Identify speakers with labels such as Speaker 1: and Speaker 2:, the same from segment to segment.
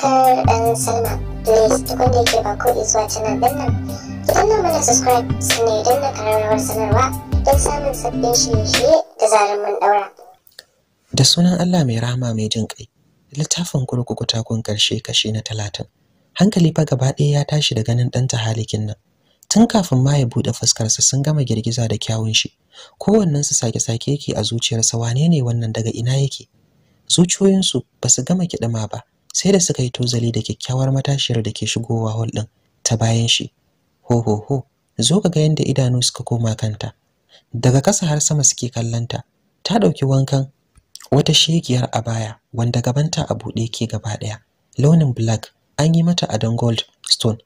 Speaker 1: subscribe and sign up. Please ke ba ko subscribe sanarwa don samun sabbin da sunan Allah mai rahama mai jin kai. Littafin kurkuku takun ƙarshe kashi na talatin. Hankali fa gaba ɗaya ya tashi da ganin ɗanta halikin nan. Tun kafin ma ya buɗe fuskarsa sun gama girgiza da kyawun shi. Kowannensu sake-sake yake a zuciyarsa wane ne wannan daga ina yake? Zuciyoyinsu ba su gama kiɗima ba, sai da suka yi tozali da kyakkyawar matashiyar da ke shigowa hall ɗin ta bayan shi ho ho ho zo ka ga yadda idanu suka koma kanta daga ƙasa har sama suke kallanta ta ɗauki wankan wata shegiyar a baya wanda gabanta a buɗe ke gaba ɗaya launin black an yi mata adon gold stone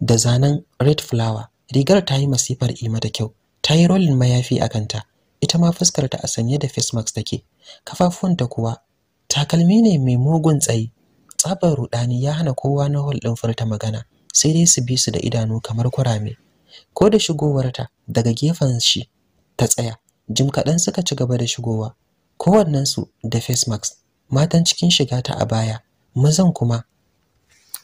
Speaker 1: da zanen red flower rigar ta yi masifar ima da kyau ta yi rolin mayafi a kanta ita ma fuskarta a sanye da face mask take kafafuwanta kuwa takalmi ne mai mugun tsayi tsabar rudani ya hana kowa na hol din furta magana sai dai su bi su da idanu kamar kurame ko da shigowarta daga gefen shi ta tsaya jim kaɗan suka ci gaba da shigowa su da face mask matan cikin shiga ta a baya mazan kuma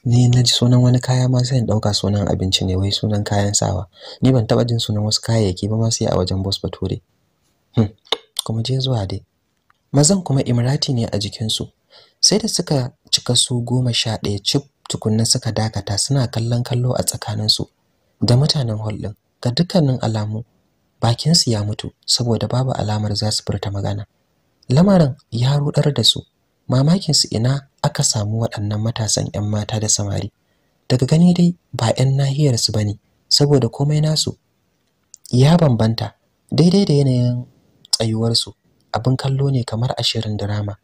Speaker 1: ni na ji sunan wani kaya ma sai in dauka sunan abinci ne wai sunan kayan sawa ni ban taba jin sunan wasu kayayyaki ba ma sai a wajen boss bature hmm. kuma je zuwa dai mazan kuma imrati ne a jikinsu sai da suka cika su goma sha ɗaya cif tukunna suka dakata suna kallon kallo a tsakaninsu da mutanen hall ga dukkanin alamu bakinsu ya mutu saboda babu alamar za su furta magana lamarin ya rudar da su mamakinsu ina aka samu waɗannan matasan 'yan mata da samari daga gani dai ba 'yan nahiyarsu ba ne saboda komai nasu ya bambanta daidai da yanayin tsayuwarsu abin kallo ne kamar ashirin dirama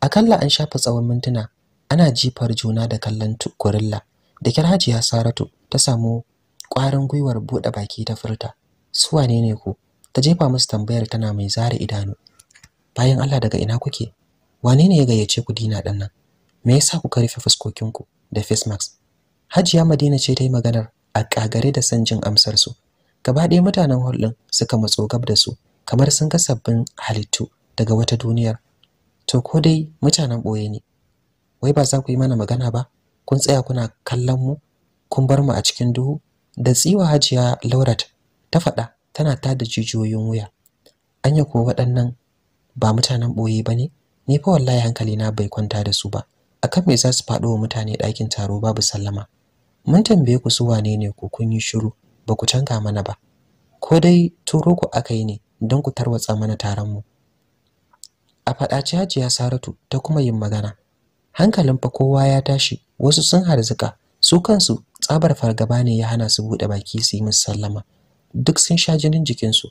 Speaker 1: A Akalla an shafa tsawon mintuna ana jifar juna da kallon gorilla. Da kyar Hajiya Saratu ta samu ƙwarin gwiwar buɗe baki ta furta. Su wane ne ku? Ta jefa musu tambayar tana mai zare idanu. Bayan Allah daga ina kuke? Wane ne ya gayyace ku dina ɗan nan? Me yasa kuka rufe fuskokinku da face mask? Hajiya Madina ce ta yi maganar a kagare da son jin amsar Gaba ɗaya mutanen hall suka matso gab da su kamar sun ga sabbin halittu daga wata duniyar to ko dai mutanen ɓoye ne wai ba za ku yi mana magana ba kun tsaya kuna kallon mu kun bar mu a cikin duhu da tsiwa hajiya laurat ta faɗa tana ta da jijiyoyin wuya An yi ko waɗannan ba mutanen ɓoye ba ne ni fa wallahi hankali na bai kwanta da su ba akan me za su faɗo wa mutane ɗakin taro babu sallama mun tambaye ku su wane ne ku kun yi shiru ba ku canka mana ba ko dai turo ku aka yi ne don ku tarwatsa mana taron mu a faɗaci hajiya saratu ta kuma yin magana hankalin fa kowa ya tashi wasu sun harzuka su kansu tsabar fargaba ne ya hana su buɗe baki su yi musu sallama duk sun sha jinin jikinsu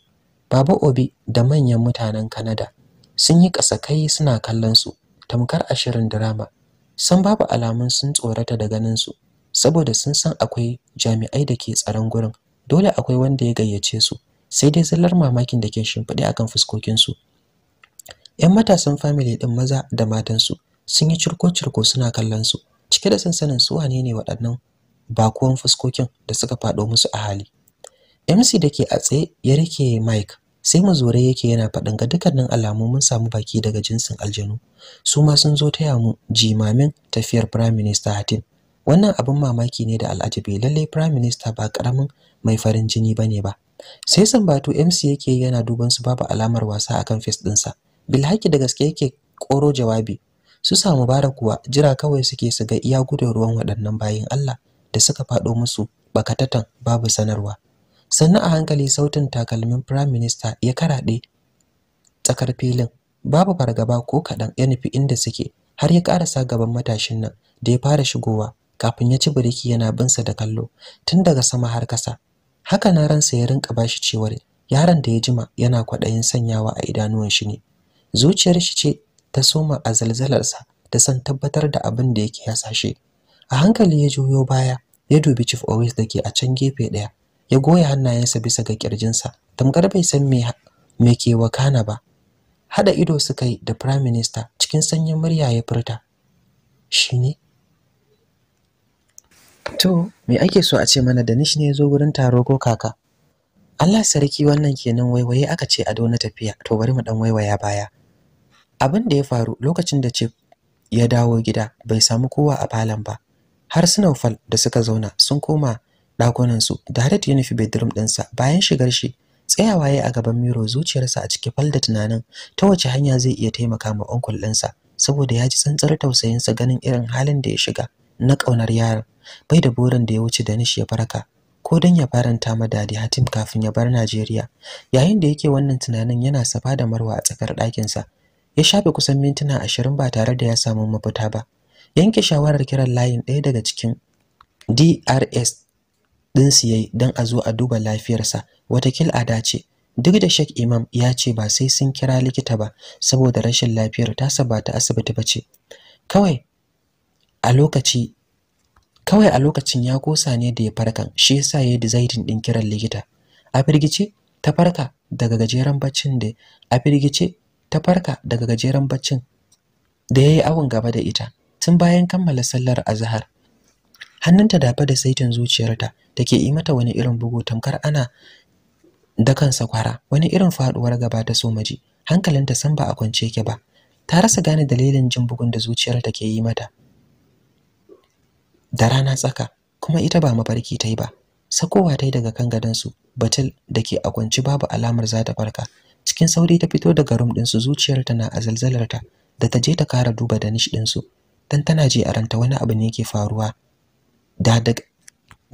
Speaker 1: baba obi da manyan mutanen Kanada sun yi kasakai suna kallon su tamkar ashirin shirin drama san babu alamun sun tsorata da ganin su saboda sun san akwai jami'ai da ke tsaron gurin dole akwai wanda ya gayyace su sai dai zallar mamakin da ke shimfiɗe akan fuskokin su 'Yan matasan family ɗin maza da matansu sun yi cirko-cirko suna kallon su, cike da sansanin su wane ne waɗannan bakuwan fuskokin da suka faɗo musu a hali. MC da ke a tsaye ya rike mic sai mazore yake yana faɗin ga dukkanin alamu mun samu baki daga jinsin aljanu su ma sun zo taya mu jimamin tafiyar prime minister Hatin, wannan abin mamaki ne da al'ajabi lalle prime minister ba ƙaramin mai farin jini bane ba sai sambato MC yake yana duban su babu alamar wasa akan fes ɗinsa bilhaki da gaske yake koro jawabi su sa bara kuwa jira kawai suke su ga iya gudun ruwan waɗannan bayin Allah da suka faɗo musu bakatatan babu sanarwa sannan a hankali sautin takalmin prime minister ya karaɗe tsakar filin babu fargaba ko kaɗan ya nufi inda suke har ya ƙarasa gaban matashin nan da ya fara shigowa kafin ya ci biriki yana binsa da kallo tun daga sama har ƙasa haka na ransa ya rinka bashi cewar yaron da ya jima yana kwaɗayin sanyawa a idanuwan shi ne zuciyar shi ce ta soma a zalzalarsa da san tabbatar da abin da yake hasashe a hankali ya juyo baya ya dubi chief always da ke a can gefe ɗaya ya goya hannayensa bisa ga kirjinsa tamkar bai san me me ke wakana ba hada ido suka yi da prime minister cikin sanyin murya ya furta shine to me ake so a ce mana da nish ne ya zo gurin taro ko kaka Allah sarki wannan kenan waiwaye aka ce a na tafiya to bari mu dan waiwaya baya abin da ya faru lokacin da ce ya dawo gida bai samu kowa a falon ba har fal da suka zauna sun koma ɗakunansu da Darat ya nufi bedroom ɗinsa bayan shigar shi tsayawa ya a gaban miro zuciyarsa a cike fal da tunanin ta wace hanya zai iya taimaka ma onkul ɗinsa saboda ya ji tsantsar tausayinsa ganin irin halin da ya shiga na ƙaunar yaron bai da burin da ya wuce da nishi ya faraka ko don ya faranta ma dadi Hatim kafin ya bar Najeriya yayin da yake wannan tunanin yana safa da Marwa a tsakar ɗakinsa ya shafe kusan mintuna ashirin ba tare da ya samu mafita ba yanke shawarar kiran layin ɗaya daga cikin drs ɗin yayi don a zo a duba lafiyarsa watakil a dace duk da shek imam ya ce ba sai sun kira likita ba saboda rashin lafiyar ta ba ta asibiti ba ce kawai a lokacin ya kosa ne da ya farkan shi yasa yayi deciding ɗin kiran likita a firgice ta farka daga gajeren baccin da a firgice ta farka daga gajeren baccin da ya yi awon gaba da ita tun bayan kammala sallar azahar hannunta dafa da saitin zuciyarta da ke yi mata wani irin bugu tamkar ana dakan sakwara wani irin faduwar gaba ta somaji hankalinta san ba a kwance yake ba ta rasa gane dalilin jin bugun da zuciyarta ke yi mata da rana tsaka kuma ita ba mafarki ta yi ba sakowa ta yi daga kan su, batil da ke a kwanci babu alamar za ta farka cikin sauri ta fito daga room su zuciyar na a zalzalarta da ta je ta kara duba da nish ɗinsu dan tana je a ranta wani abu ne ke faruwa da da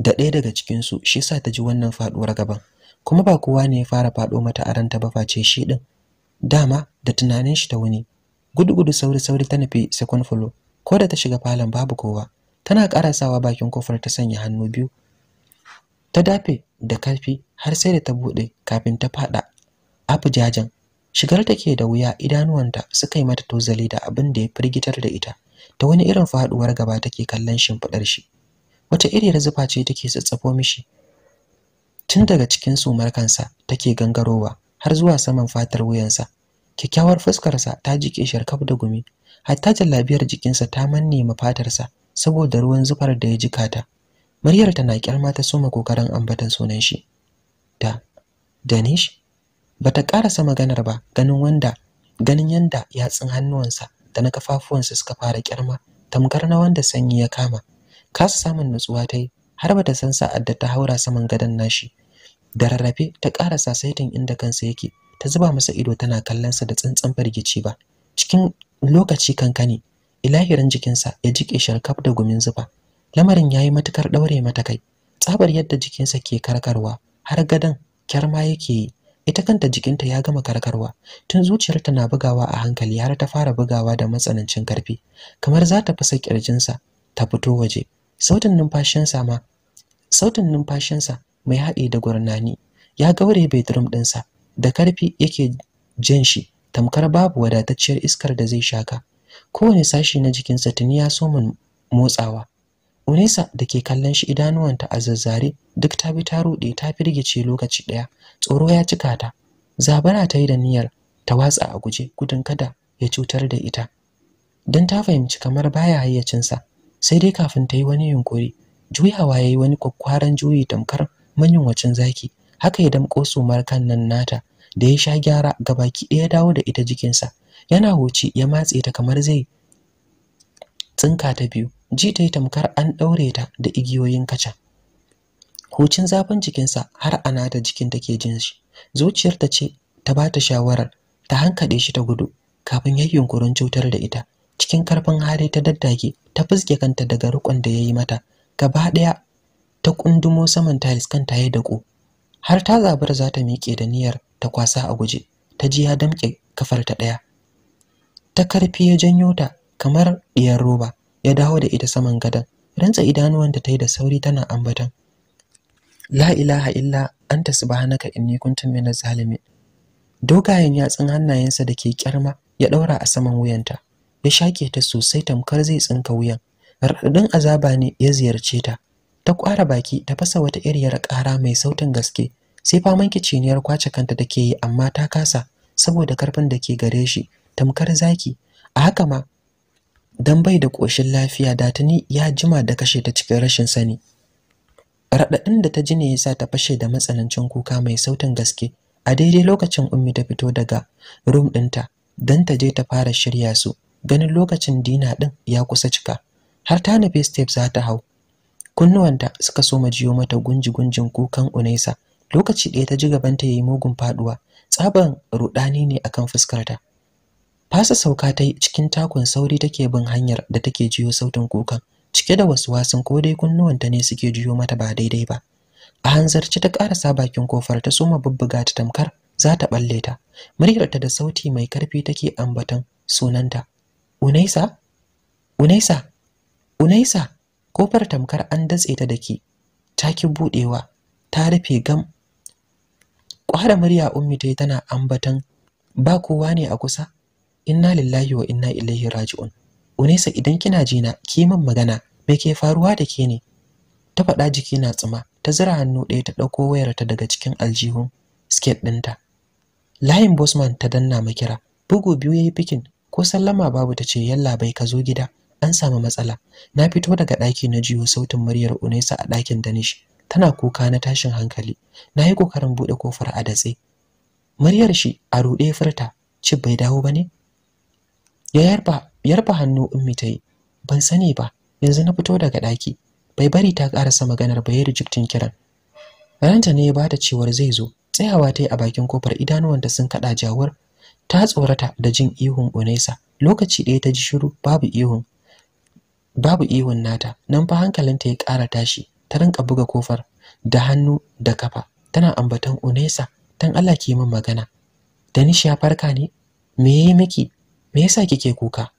Speaker 1: ɗaya daga cikin su shi yasa ta ji wannan faɗuwar gaban kuma ba kowa ne ya fara faɗo mata a ranta ba face shi ɗin dama da tunanin shi ta wuni gudu-gudu sauri-sauri ta nufi second floor ko da ta shiga falon babu kowa tana karasawa bakin kofar ta sanya hannu biyu ta dafe da karfi har sai da ta bude kafin ta fada abu jajan shigar take da wuya idanuwanta suka yi mata tozali da abin da ya firgitar da ita ta wani irin faduwar gaba take kallon shimfidar shi wata irin zufa ce take tsatsafo mishi tun daga cikin sumar kansa take gangarowa har zuwa saman fatar wuyansa kyakkyawar fuskarsa ta jike sharkaf da gumi hatta jallabiyar jikinsa ta manne ma fatarsa saboda ruwan zufar da ya jika ta Maryar tana kyalma ta soma kokarin ambatan sunan shi da Danish bata karasa maganar ba ganin wanda ganin yanda yatsun hannuwansa da na kafafuwansa suka fara kyarma tamkar na wanda sanyi ya kama kasa samun nutsuwa ta yi har bata san sa'ad da ta haura saman gadon nashi da rarrafe ta karasa saitin inda kansa yake ta zuba masa ido tana kallon sa da tsantsan fargici ba cikin lokaci kankani ilahirin jikinsa ya jike sharkaf da gumin zufa lamarin yayi matukar daure mata kai tsabar yadda jikinsa ke karkarwa har gadan kyarma yake yi ita kanta jikinta ya gama karkarwa tun zuciyarta na bugawa a hankali har ta fara bugawa da matsanancin karfi kamar za ta fasa kirjinsa ta fito waje sautin numfashinsa ma sautin numfashinsa mai haɗe da gurnani ya gaure bedroom ɗinsa da karfi yake jin shi tamkar babu wadatacciyar iskar da zai shaka kowane sashi na jikinsa tuni ya so min motsawa Unesa da ke kallon shi idanuwanta a zazzare duk ta bi ta ruɗe ta firgice lokaci ɗaya. Tsoro ya cika ta. Zabara ta yi da niyyar ta watsa a guje gudun kada ya cutar da ita. Don ta fahimci kamar baya hayyacinsa sai dai kafin ta yi wani yunkuri juyawa ya yi wani kwakkwaran juyi tamkar manyunwacin zaki haka ya damƙo sumar kan nan nata da ya sha gyara ga baki ɗaya dawo da ita jikinsa yana hoci ya matse ta kamar zai tsinka ta biyu ji ta yi tamkar an ɗaure ta da igiyoyin kaca hucin zafin jikinsa har ana da jikin da ke jin shi Zuciyar ta ce ta ba ta shawarar ta hankaɗe shi ta gudu kafin ya yunkurin cutar da ita cikin karfin hari ta daddage ta fuske kanta daga rukon da ya yi mata gaba ɗaya ta kundumo saman tiles kanta ya dako har ta zabar za ta miƙe da niyyar ta kwasa a guje ta ji ya damƙe kafarta ɗaya ta karfi ya janyo ta kamar diyar roba ya dawo da ita saman gadon rantsa idanuwanta ta yi da sauri tana ambatan la ilaha illa anta subhanaka inni kuntu minaz zalimin dogayen yatsun hannayensa da ke kyarma ya daura a saman wuyanta ya shake ta sosai tamkar zai tsinka wuyan raɗaɗin azaba ne ya ziyarce ta ta kwara baki ta fasa wata iriyar ƙara mai sautin gaske sai faman kiciniyar kwace kanta take yi amma ta kasa saboda karfin da ke gare shi tamkar zaki a haka ma dan bai da koshin lafiya da tuni ya jima da kashe ta cikin rashin sani raɗaɗin da ta ji ne yasa ta fashe da matsanancin kuka mai sautin gaske a daidai lokacin ummi ta fito daga room ɗinta dan ta je ta fara shirya su ganin lokacin dina ɗin ya kusa cika har ta nufi step za ta hau kunnuwanta suka so jiyo mata gunji-gunjin kukan unaisa lokaci ɗaya ta ji gabanta ya yi mugun faduwa. tsaban rudani ne akan fuskarta fasa sauka ta yi cikin takun sauri take bin hanyar da take jiyo sautin kukan cike da wasu wasan ko dai kunnuwanta ne suke jiyo mata ba daidai ba a hanzarci ta karasa bakin kofar ta soma bubbuga ta tamkar za ta balle ta muryarta da sauti mai karfi take ambatan sunanta unaisa unaisa unaisa kofar tamkar an datse ta dake taki budewa ta rufe gam kwara murya ummi ta tana ambatan ba kowa ne a kusa inna lillahi wa inna ilaihi raji'un unesa idan kina jina ki min magana me ke faruwa da ke ne ta faɗa jiki na tsima ta zira hannu ɗaya ta ɗauko wayarta daga cikin aljihun sket ɗinta layin bosman ta danna makira bugu biyu yayi fikin ko sallama babu ta ce yalla bai ka zo gida an samu matsala na fito daga ɗaki na jiyo sautin muryar unesa a ɗakin danish tana kuka na tashin hankali na yi ƙoƙarin buɗe kofar a datse muryar shi a ruɗe furta cib bai dawo ba ne Ya yarba hannu ummi ta yi ban sani ba yanzu na fito daga daki. bai bari ta karasa maganar ba yayin rijiktin kiran Ranta ne ya bada cewar zai zo tsayawa ta a bakin kofar idanuwanta sun kada jawar ta tsorata da jin ihun Unesa lokaci ɗaya ta ji shiru babu ihun babu ihun nata nan fa hankalinta ya kara tashi ta rinka buga kofar da hannu da kafa tana ambaton Unesa dan Allah ki min magana Da ya farka ne me yayi miki me yasa kike kuka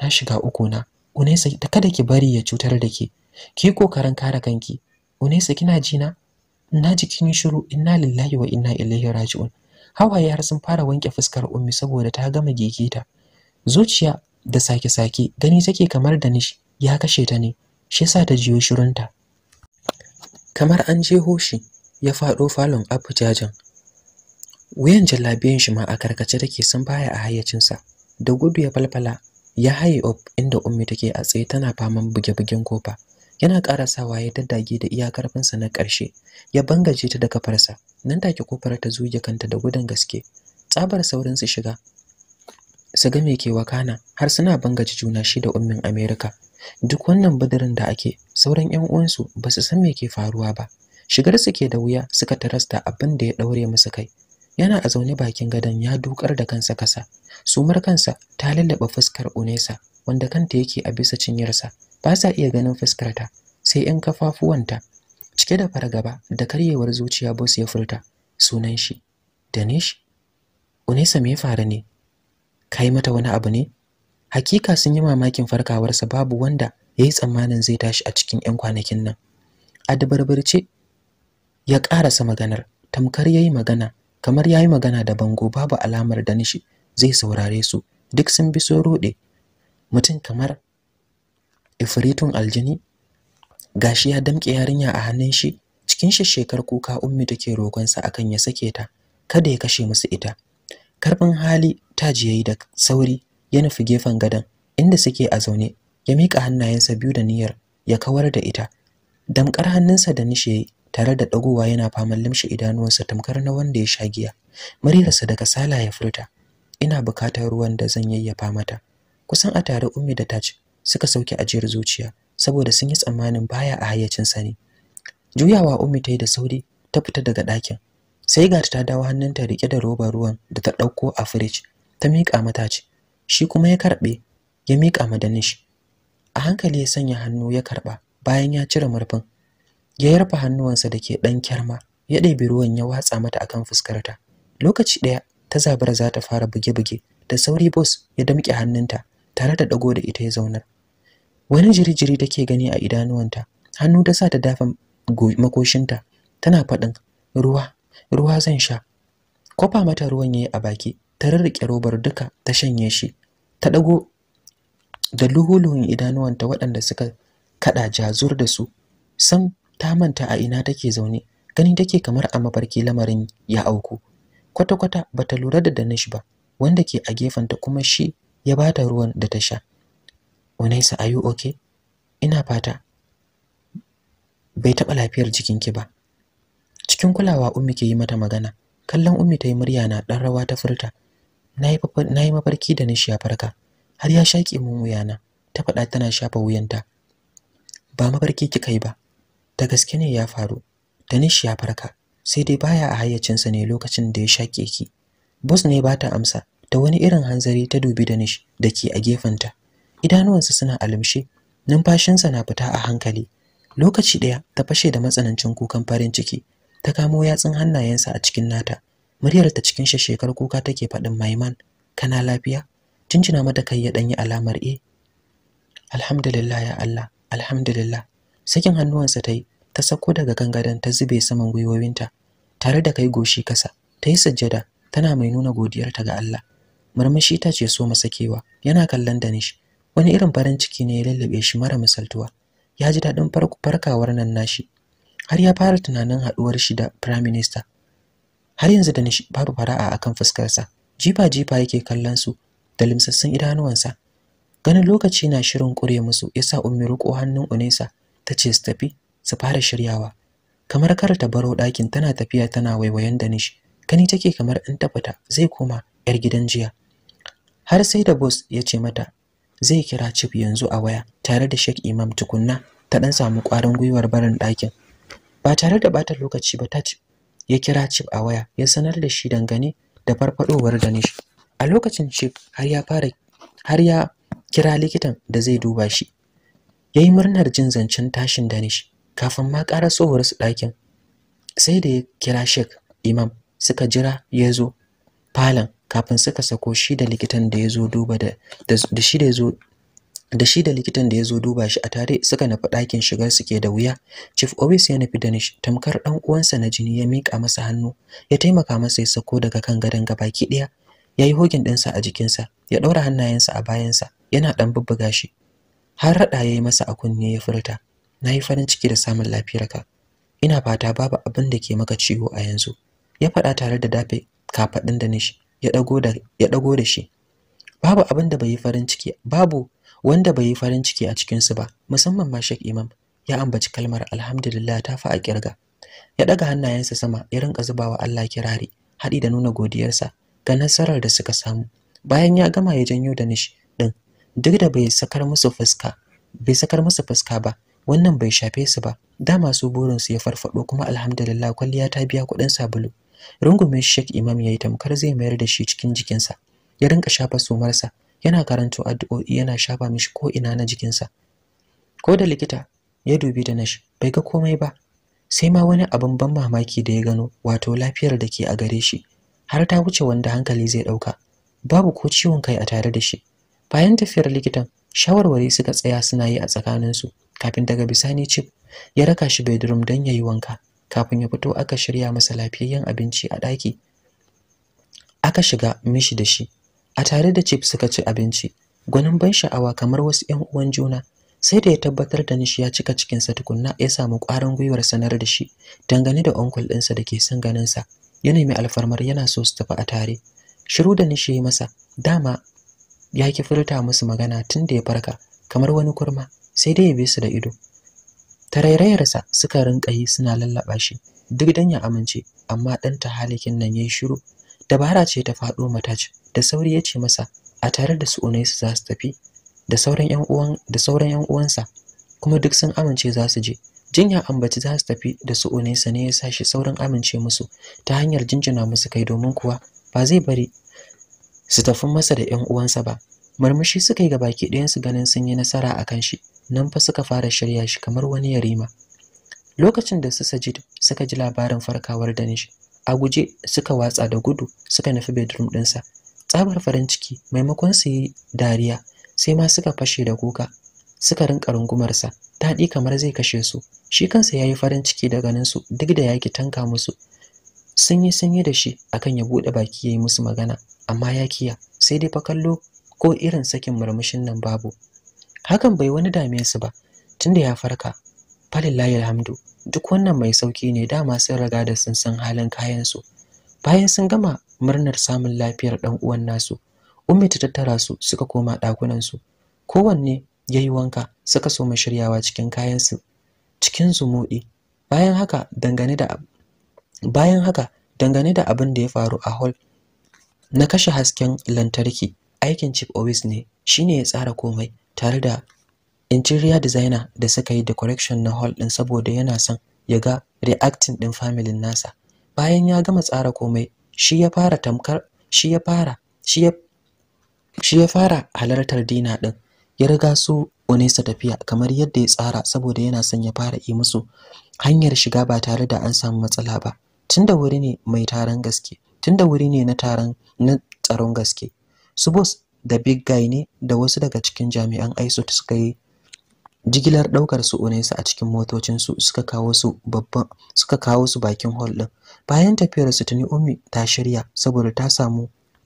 Speaker 1: na shiga uku na Unesa ta kada ki bari ya cutar da ke ki kokarin kare kanki Unesa kina ji na na ji kin shiru inna lillahi wa inna ilaihi raji'un hawaye har sun fara wanke fuskar ummi saboda ta gama gegeta zuciya da sake-sake gani take kamar da nishi ya kashe ta ne shi yasa ta jiyo shirunta kamar an je Hoshi ya faɗo falon abu jajan wuyan jallabiyan shi ma a karkace take sun baya a hayyacinsa da gudu ya falfala ya haye up inda ummi take a tsaye tana faman buge-bugen kofa yana karasawa ya daddage da iya karfinsa na ƙarshe ya bangaje ta da kafarsa nan take kofar ta zuje kanta da gudun gaske tsabar saurin su shiga su ga me ke wakana har suna bangaje juna shi da ummin America duk wannan badarin da ake sauran 'yan uwansu ba su san me ke faruwa ba shigar su ke da wuya suka tarasta abin da ya daure musu kai yana a zaune bakin gadon ya dukar da kansa kasa sumar kansa ta lallaba fuskar unesa wanda kanta yake a bisa cinyarsa ba sa iya ganin fuskarta sai 'yan kafafuwanta cike da fargaba da karyewar zuciya boss ya furta sunan shi danish unesa me ya faru ne kai mata wani abu ne hakika sun yi mamakin farkawarsa babu wanda ya yi tsammanin zai tashi a cikin 'yan kwanakin nan a dabarbarce ya ƙarasa maganar tamkar ya yi magana kamar yayi magana da bango babu alamar da nishi zai saurare su duk sun bi so rode mutum kamar ifritun aljini gashi ya damke yarinya a hannun shi cikin shi shekar kuka ummi take sa akan ya sake ta kada ya kashe musu ita karbin hali taji yayi da sauri ya nufi gefen gadan inda suke a zaune ya mika hannayensa biyu da niyyar ya kawar da ita damkar hannunsa da nishe tare da dagowa yana faman limshe idanuwansa tamkar na wanda ya sha giya muryarsa da sala ya furta ina bukatar ruwan da zan yayyafa mata kusan a tare ummi da tace suka sauke ajiyar zuciya saboda sun yi tsammanin baya a hayyacin sa ne juyawa ummi ta yi da sauri ta fita daga ɗakin sai ga ta dawo hannunta rike da robar ruwan da ta ɗauko a firij ta miƙa mata ce shi kuma ya karɓe ya miƙa ma a hankali ya sanya hannu ya karɓa bayan ya cire murfin ya yarfa hannuwansa da ke ɗan kyarma ya ɗebi ruwan ya watsa mata a akan fuskarta lokaci ɗaya ta zabara za ta fara buge-buge da sauri bos ya damƙe hannunta tare da ɗago da ita ya zaunar wani jiri-jiri ke gani a idanuwanta hannu ta sa ta dafa makoshinta tana faɗin ruwa ruwa zan sha kwafa mata ruwan ya yi a baki ta rirriƙe robar duka ta shanye shi ta ɗago da luhuluhun idanuwanta waɗanda suka kaɗa jazur da su san ta manta a ina take zaune gani take kamar a mafarki lamarin ya auku kwata-kwata bata lura da Danish ba wanda ke a ta kuma shi ya bata ruwan da ta sha Unaisa are you ina fata bai taba lafiyar jikinki ba cikin kulawa ummi ke yi mata magana kallon ummi tayi murya na dan rawa ta furta nayi mafarki da nishi ya farka har ya shaki mun wuyana ta faɗa tana shafa wuyanta ba mafarki kika yi ba da gaske ne ya faru Danish ya farka sai dai baya a hayyacinsa ne lokacin da ya shake ki Bus ne ba ta amsa da wani irin hanzari ta dubi Danish da ke a gefenta idanuwansa suna alumshe numfashinsa na fita a hankali lokaci ɗaya ta fashe da matsanancin kukan farin ciki ta kamo yatsun hannayensa a cikin nata muryar ta cikin shekar kuka take faɗin maiman kana lafiya jinjina mata kai ya danyi alamar e alhamdulillah ya Allah alhamdulillah sakin hannuwansa ta yi ta sako daga kan gadon ta zube saman gwiwowinta tare da kai goshi kasa ta yi sajjada tana mai nuna godiyarta ga Allah murmushi ta ce so masakewa yana kallon Danish wani irin farin ciki ne ya lallabe shi mara misaltuwa ya ji daɗin farkawar nan nashi har ya fara tunanin haɗuwar shi da prime minister har yanzu Danish babu fara'a akan fuskarsa jifa jifa yake kallon su da limsassun idanuwansa ganin lokaci na shirin kure musu yasa ummi ruko hannun Unesa ta ce su tafi su fara shiryawa kamar kar ta baro ɗakin tana tafiya tana waiwayen danish kani take kamar in ta fita zai koma yar gidan jiya har sai da bos ya ce mata zai kira chief yanzu a waya tare da Sheikh Imam tukunna ta dan samu ƙwarin gwiwar barin ɗakin ba tare da bata lokaci ba ta ya kira chief a waya ya sanar da shi dangane da farfadowar Danish a lokacin chief har ya fara har ya kira likitan da zai duba shi ya yi murnar jin zancen tashin danish kafin ma tsohuwar su ɗakin sai da ya kira shek imam suka jira ya zo falon kafin suka sako shi da likitan da ya zo duba da da shi da ya zo da shi da likitan da ya zo duba shi a tare suka nufi ɗakin shigar suke da wuya chief obis ya nufi danish tamkar ɗan uwansa na jini ya mika masa hannu ya taimaka masa ya sako daga kan gadon gabaki ɗaya ya yi hogin ɗinsa a jikinsa ya ɗaura hannayensa a bayansa yana ɗan bubbuga shi har raɗa ya yi masa a kunne ya furta na yi farin ciki da samun lafiyarka ina fata babu abin da ke maka ciwo a yanzu ya faɗa tare da dafe kafaɗin da nishi ya ɗago da ya dago da shi babu abin da bai farin ciki babu wanda bai yi farin ciki a cikin su ba musamman ma Sheikh Imam ya ambaci kalmar alhamdulillah ta fa a kirga ya daga hannayensa sama ya rinka zubawa Allah kirari haɗi da nuna godiyarsa ga nasarar da suka samu bayan ya gama ya janyo da nishi duk da bai sakar musu fuska bai sakar musu fuska ba wannan bai shafe su ba Da masu burin su ya farfado kuma alhamdulillah kwalliya ta biya kuɗin sabulu rungume Sheikh Imam yayi tamkar zai mayar da shi cikin jikinsa ya rinka shafa sumarsa yana karanto addu'o'i yana shafa mishi ko ina na jikinsa ko da likita ya dubi da nashi bai ga komai ba sai ma wani abin ban mamaki da ya gano wato lafiyar da ke a gare shi har ta wuce wanda hankali zai ɗauka. babu ko ciwon kai a tare da shi bayan tafiyar likitan shawarwari suka tsaya suna yi a tsakaninsu kafin daga bisani chip ya raka shi bedroom don ya yi wanka kafin ya fito aka shirya masa lafiyayyen abinci a ɗaki aka shiga mishi da shi a tare da chip suka ci abinci gwanin ban sha'awa kamar wasu 'yan uwan juna sai da ya tabbatar da nishi ya cika cikinsa tukunna ya samu ƙwarin gwiwar sanar da shi dangane da onkul ɗinsa da ke son ganin sa ya nemi alfarmar yana so su tafi a tare shiru da nishi ya masa dama ya ki furta musu magana tun da ya farka kamar wani kurma sai dai ya bi su da ido tarairayarsa suka rinka yi suna lallaɓa shi duk dan ya amince amma dan ta halikin nan yi shiru dabara ce ta fado mataci da sauri ya ce masa a tare da su Unaisu za su tafi da sauran 'yan uwan da sauran ƴan uwansa kuma duk sun amince za su je jinya ambaci za su tafi da su Unaisu ne ya sashi sauran amince musu ta hanyar jinjina musu kai domin kuwa ba zai bari su tafi masa da ƴan uwansa ba murmushi suka yi ga baki ɗayan su ganin sun yi nasara a kan shi nan fa suka fara shirya shi kamar wani yarima lokacin da su sajid suka ji labarin farkawar danish a guje suka watsa da gudu suka nufi bedroom ɗinsa tsabar farin ciki maimakon su yi dariya sai ma suka fashe da kuka suka rinka rungumarsa daɗi kamar zai kashe su shi kansa ya yi farin ciki da ganin su duk da yaki tanka musu sun yi sanyi da shi akan ya buɗe baki ya yi musu magana amma ya kiya sai dai fa kallo ko irin sakin murmushin nan babu hakan bai wani dame su ba tunda ya farka falillahi alhamdu duk wannan mai sauki ne dama sun raga da sun san halin kayan su bayan sun gama murnar samun lafiyar dan uwan nasu ummi ta tattara su suka koma dakunan su kowanne yayi wanka suka so shiryawa cikin kayan su cikin zumudi bayan haka dangane da bayan haka dangane da abin da ya faru a hall na kashe hasken lantarki aikin chief always ne shine ya tsara komai tare da interior designer da suka yi decoration na hall din saboda yana son ya ga reacting din family nasa bayan ya gama tsara komai shi ya fara tamkar shi ya fara shi ya shi ya fara halartar dina din ya riga su sa tafiya kamar yadda ya tsara saboda yana son ya fara yi musu hanyar shiga ba tare da an samu matsala ba tunda wuri ne mai taron gaske tunda wuri ne na taron na tsaron gaske su boss da big guy ne da wasu daga cikin jami'an ISO suka yi jigilar daukar su su a cikin motocin su suka kawo su babban suka kawo su bakin hall din bayan tafiyar su tuni ummi ta shirya saboda ta samu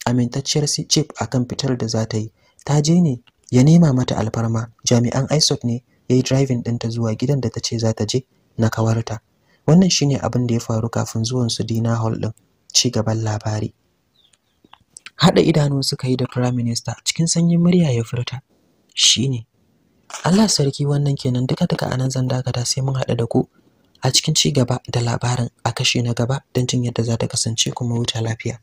Speaker 1: amintacciyar si chip akan fitar da za ta yi ta je ne ya nema mata alfarma jami'an ISOT ne yayi driving ɗinta zuwa gidan da ta ce za ta je na kawarta wannan shine abin da ya faru kafin zuwan su Dina Hall din ci gaban labari Haɗa idanu suka yi da prime minister cikin sanyin murya ya furta shine Allah sarki wannan kenan duka duka anan zan dakata sai mun hada da ku a cikin ci gaba da labarin a kashe na gaba don jin yadda za ta kasance kuma wuta lafiya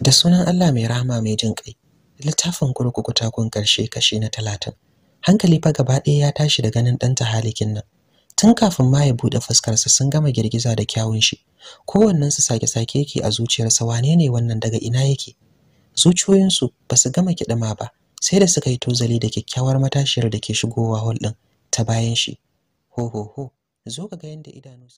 Speaker 1: da sunan Allah mai rahama mai jin kai littafin kurkuku takun karshe kashe na talatin hankali fa gaba ɗaya ya tashi da ganin ɗanta halikin nan tun kafin ma ya buɗe fuskarsa sun gama girgiza da kyawun shi su sake-sake yake a zuciyarsa wane ne wannan daga ina yake zuciyoyinsu ba su gama kiɗima ba sai da suka yi tozali da kyakkyawar matashiyar da ke shigowa hol ɗin ta bayan shi ho ho ho zo ka ga yanda idanu